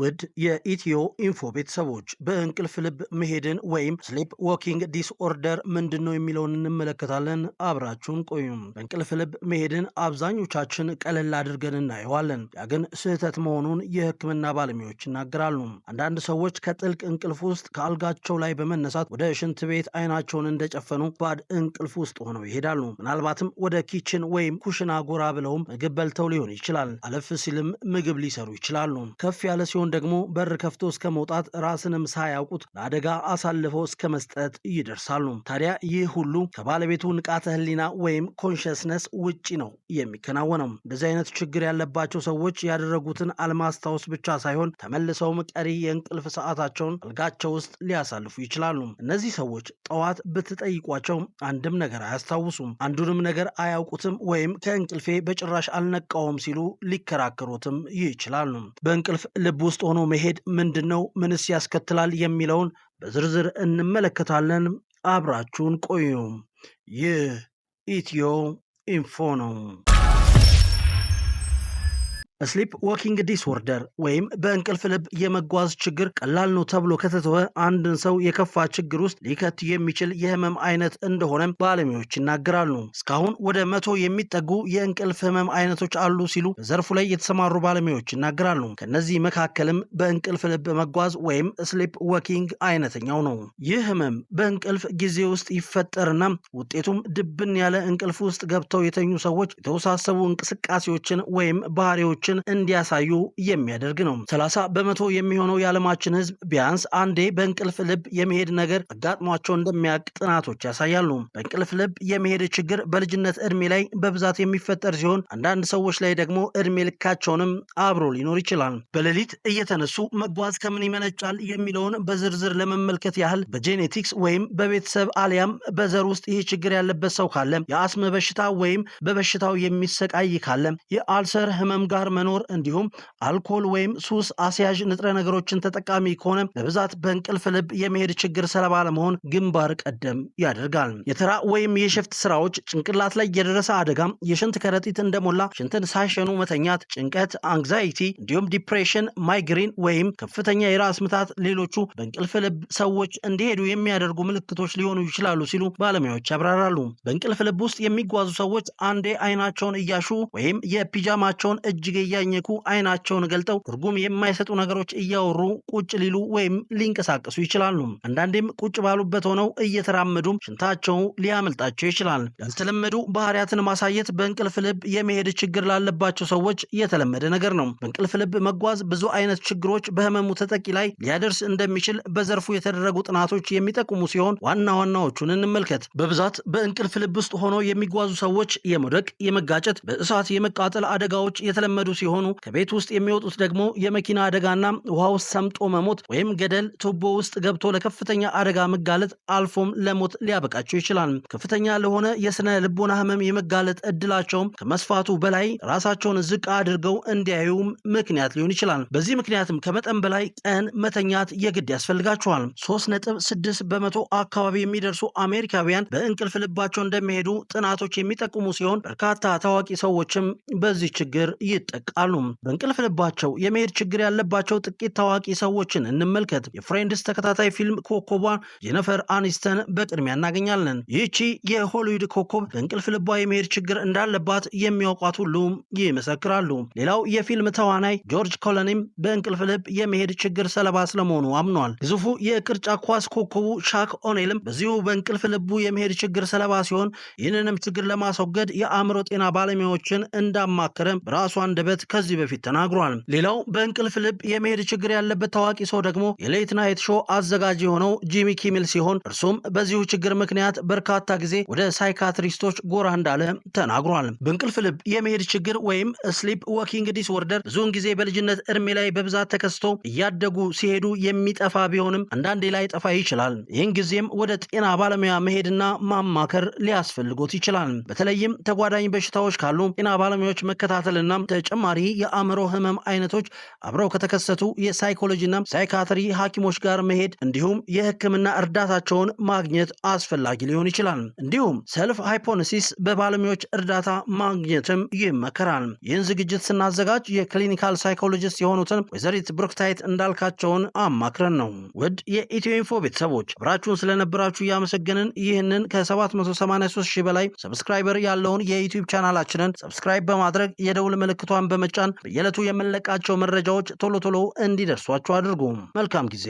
ውድ የኢትዮ ኢንፎ ቤተሰቦች በእንቅልፍ ልብ መሄድን ወይም ስሊፕ ዎኪንግ ዲስኦርደር ምንድን ነው የሚለውን እንመለከታለን። አብራችሁን ቆዩም። በእንቅልፍ ልብ መሄድን አብዛኞቻችን ቀለል አድርገን እናየዋለን። ያ ግን ስህተት መሆኑን የሕክምና ባለሙያዎች ይናገራሉ። አንዳንድ ሰዎች ከጥልቅ እንቅልፍ ውስጥ ከአልጋቸው ላይ በመነሳት ወደ ሽንት ቤት አይናቸውን እንደጨፈኑ ባድ እንቅልፍ ውስጥ ሆነው ይሄዳሉ። ምናልባትም ወደ ኪችን ወይም ኩሽና ጎራ ብለውም ምግብ በልተው ሊሆን ይችላል። አለፍ ሲልም ምግብ ሊሰሩ ይችላሉ። ከፍ ያለ ሲሆን ደግሞ በር ከፍቶ እስከ መውጣት ራስንም ሳያውቁት ለአደጋ አሳልፈው እስከ መስጠት ይደርሳሉ። ታዲያ ይህ ሁሉ ከባለቤቱ ንቃተ ህሊና ወይም ኮንሽስነስ ውጪ ነው የሚከናወነው። እንደዚህ አይነት ችግር ያለባቸው ሰዎች ያደረጉትን አለማስታወስ ብቻ ሳይሆን ተመልሰውም ቀሪ የእንቅልፍ ሰዓታቸውን አልጋቸው ውስጥ ሊያሳልፉ ይችላሉ። እነዚህ ሰዎች ጠዋት ብትጠይቋቸው አንድም ነገር አያስታውሱም፣ አንዱንም ነገር አያውቁትም፣ ወይም ከእንቅልፌ በጭራሽ አልነቃውም ሲሉ ሊከራከሩትም ይችላሉ። በእንቅልፍ ልቡ ውስጥ ሆኖ መሄድ ምንድን ነው? ምንስ ያስከትላል? የሚለውን በዝርዝር እንመለከታለን። አብራችሁን ቆዩ። ይህ ኢትዮ ኢንፎ ነው። ስሊፕ ወኪንግ ዲስኦርደር ወይም በእንቅልፍ ልብ የመጓዝ ችግር ቀላል ነው ተብሎ ከተተወ አንድን ሰው የከፋ ችግር ውስጥ ሊከት የሚችል የህመም አይነት እንደሆነም ባለሙያዎች ይናገራሉ። እስካሁን ወደ መቶ የሚጠጉ የእንቅልፍ ህመም አይነቶች አሉ ሲሉ በዘርፉ ላይ የተሰማሩ ባለሙያዎች ይናገራሉ። ከእነዚህ መካከልም በእንቅልፍ ልብ መጓዝ ወይም ስሊፕ ወኪንግ አይነተኛው ነው። ይህ ህመም በእንቅልፍ ጊዜ ውስጥ ይፈጠርና ውጤቱም ድብን ያለ እንቅልፍ ውስጥ ገብተው የተኙ ሰዎች የተወሳሰቡ እንቅስቃሴዎችን ወይም ባህሪዎች አቋማችን እንዲያሳዩ የሚያደርግ ነው። ሰላሳ በመቶ የሚሆነው የዓለማችን ህዝብ ቢያንስ አንዴ በእንቅልፍ ልብ የመሄድ ነገር አጋጥሟቸው እንደሚያውቅ ጥናቶች ያሳያሉ። በእንቅልፍ ልብ የመሄድ ችግር በልጅነት እድሜ ላይ በብዛት የሚፈጠር ሲሆን አንዳንድ ሰዎች ላይ ደግሞ እድሜ ልካቸውንም አብሮ ሊኖር ይችላል። በሌሊት እየተነሱ መጓዝ ከምን ይመነጫል የሚለውን በዝርዝር ለመመልከት ያህል በጄኔቲክስ ወይም በቤተሰብ አሊያም በዘር ውስጥ ይህ ችግር ያለበት ሰው ካለ፣ የአስም በሽታ ወይም በበሽታው የሚሰቃይ ካለ፣ የአልሰር ህመም ጋር መኖር እንዲሁም አልኮል ወይም ሱስ አስያዥ ንጥረ ነገሮችን ተጠቃሚ ከሆነ በብዛት በእንቅልፍ ልብ የመሄድ ችግር ሰለባ ለመሆን ግንባር ቀደም ያደርጋል። የተራ ወይም የሽፍት ስራዎች፣ ጭንቅላት ላይ የደረሰ አደጋ፣ የሽንት ከረጢት እንደሞላ ሽንትን ሳይሸኑ መተኛት፣ ጭንቀት፣ አንግዛይቲ እንዲሁም ዲፕሬሽን፣ ማይግሪን ወይም ከፍተኛ የራስ ምታት ሌሎቹ በእንቅልፍ ልብ ሰዎች እንዲሄዱ የሚያደርጉ ምልክቶች ሊሆኑ ይችላሉ ሲሉ ባለሙያዎች ያብራራሉ። በእንቅልፍ ልብ ውስጥ የሚጓዙ ሰዎች አንዴ አይናቸውን እያሹ ወይም የፒጃማቸውን እጅግ እያኘኩ አይናቸውን ገልጠው ትርጉም የማይሰጡ ነገሮች እያወሩ ቁጭ ሊሉ ወይም ሊንቀሳቀሱ ይችላሉ። አንዳንዴም ቁጭ ባሉበት ሆነው እየተራመዱም ሽንታቸው ሊያመልጣቸው ይችላል። ያልተለመዱ ባህሪያትን ማሳየት በእንቅልፍ ልብ የመሄድ ችግር ላለባቸው ሰዎች የተለመደ ነገር ነው። በእንቅልፍ ልብ መጓዝ ብዙ አይነት ችግሮች በህመሙ ተጠቂ ላይ ሊያደርስ እንደሚችል በዘርፉ የተደረጉ ጥናቶች የሚጠቁሙ ሲሆን ዋና ዋናዎቹን እንመልከት። በብዛት በእንቅልፍ ልብ ውስጥ ሆነው የሚጓዙ ሰዎች የመውደቅ፣ የመጋጨት፣ በእሳት የመቃጠል አደጋዎች የተለመዱ ሲሆኑ ከቤት ውስጥ የሚወጡት ደግሞ የመኪና አደጋና ውሃ ውስጥ ሰምጦ መሞት ወይም ገደል፣ ቱቦ ውስጥ ገብቶ ለከፍተኛ አደጋ መጋለጥ አልፎም ለሞት ሊያበቃቸው ይችላል። ከፍተኛ ለሆነ የስነ ልቦና ህመም የመጋለጥ እድላቸውም ከመስፋቱ በላይ ራሳቸውን ዝቅ አድርገው እንዲያዩም ምክንያት ሊሆን ይችላል። በዚህ ምክንያትም ከመጠን በላይ ቀን መተኛት የግድ ያስፈልጋቸዋል። ሶስት ነጥብ ስድስት በመቶ አካባቢ የሚደርሱ አሜሪካውያን በእንቅልፍ ልባቸው እንደሚሄዱ ጥናቶች የሚጠቁሙ ሲሆን በርካታ ታዋቂ ሰዎችም በዚህ ችግር ይጠቃሉ። ቃሉም በእንቅልፍ ልባቸው የመሄድ ችግር ያለባቸው ጥቂት ታዋቂ ሰዎችን እንመልከት። የፍሬንድስ ተከታታይ ፊልም ኮከቧን ጄነፈር አኒስተን በቅድሚያ እናገኛለን። ይህቺ የሆሊውድ ኮከብ በእንቅልፍ ልቧ የመሄድ ችግር እንዳለባት የሚያውቋት ሁሉም ይመሰክራሉ። ሌላው የፊልም ተዋናይ ጆርጅ ኮሎኒም በእንቅልፍ ልብ የመሄድ ችግር ሰለባ ስለመሆኑ አምኗል። ግዙፉ የቅርጫ ኳስ ኮከቡ ሻክ ኦኔልም በዚሁ በእንቅልፍ ልቡ የመሄድ ችግር ሰለባ ሲሆን ይህንንም ችግር ለማስወገድ የአእምሮ ጤና ባለሙያዎችን እንዳማከረም በራሷ አንደበት በማለት ከዚህ በፊት ተናግሯል። ሌላው በእንቅልፍ ልብ የመሄድ ችግር ያለበት ታዋቂ ሰው ደግሞ የሌት ናይት ሾው አዘጋጅ የሆነው ጂሚ ኪሚል ሲሆን እርሱም በዚሁ ችግር ምክንያት በርካታ ጊዜ ወደ ሳይካትሪስቶች ጎራ እንዳለ ተናግሯል። በእንቅልፍ ልብ የመሄድ ችግር ወይም ስሊፕ ወኪንግ ዲስወርደር ብዙውን ጊዜ በልጅነት እድሜ ላይ በብዛት ተከስቶ እያደጉ ሲሄዱ የሚጠፋ ቢሆንም አንዳንዴ ላይ ጠፋ ይችላል። ይህን ጊዜም ወደ ጤና ባለሙያ መሄድና ማማከር ሊያስፈልጎት ይችላል። በተለይም ተጓዳኝ በሽታዎች ካሉ ጤና ባለሙያዎች መከታተልና ተጨ ተጨማሪ የአእምሮ ህመም አይነቶች አብረው ከተከሰቱ የሳይኮሎጂና ሳይካትሪ ሐኪሞች ጋር መሄድ እንዲሁም የህክምና እርዳታቸውን ማግኘት አስፈላጊ ሊሆን ይችላል። እንዲሁም ሰልፍ ሃይፖነሲስ በባለሙያዎች እርዳታ ማግኘትም ይመከራል። ይህን ዝግጅት ስናዘጋጅ የክሊኒካል ሳይኮሎጂስት የሆኑትን ወይዘሪት ብሩክታይት እንዳልካቸውን አማክረን ነው። ውድ የኢትዮ ኢንፎ ቤተሰቦች አብራችሁን ስለነበራችሁ እያመሰገንን ይህንን ከ783 ሺህ በላይ ሰብስክራይበር ያለውን የዩቲዩብ ቻናላችንን ሰብስክራይብ በማድረግ የደውል ምልክቷን በመጫን በየዕለቱ የምንለቃቸው መረጃዎች ቶሎ ቶሎ እንዲደርሷችሁ አድርጉ። መልካም ጊዜ